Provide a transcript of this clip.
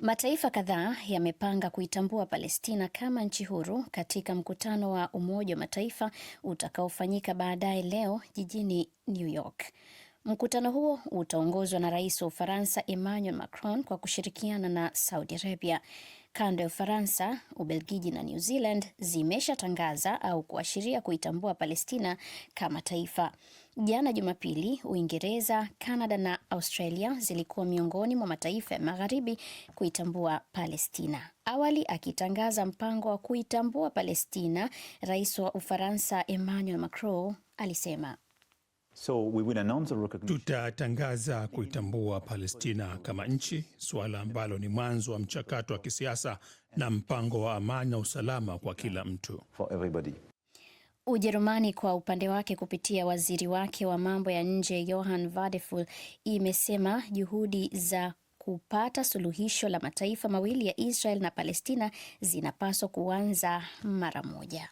Mataifa kadhaa yamepanga kuitambua Palestina kama nchi huru katika mkutano wa Umoja wa Mataifa utakaofanyika baadaye leo jijini New York. Mkutano huo utaongozwa na rais wa Ufaransa Emmanuel Macron kwa kushirikiana na Saudi Arabia. Kando ya Ufaransa, Ubelgiji na New Zealand zimeshatangaza au kuashiria kuitambua Palestina kama taifa. Jana Jumapili, Uingereza, Kanada na Australia zilikuwa miongoni mwa mataifa ya magharibi kuitambua Palestina. Awali akitangaza mpango wa kuitambua Palestina, rais wa Ufaransa Emmanuel Macron alisema So tutatangaza kuitambua Palestina kama nchi, suala ambalo ni mwanzo wa mchakato wa kisiasa na mpango wa amani na usalama kwa kila mtu. Ujerumani kwa upande wake kupitia waziri wake wa mambo ya nje Johann Wadephul imesema juhudi za kupata suluhisho la mataifa mawili ya Israel na Palestina zinapaswa kuanza mara moja.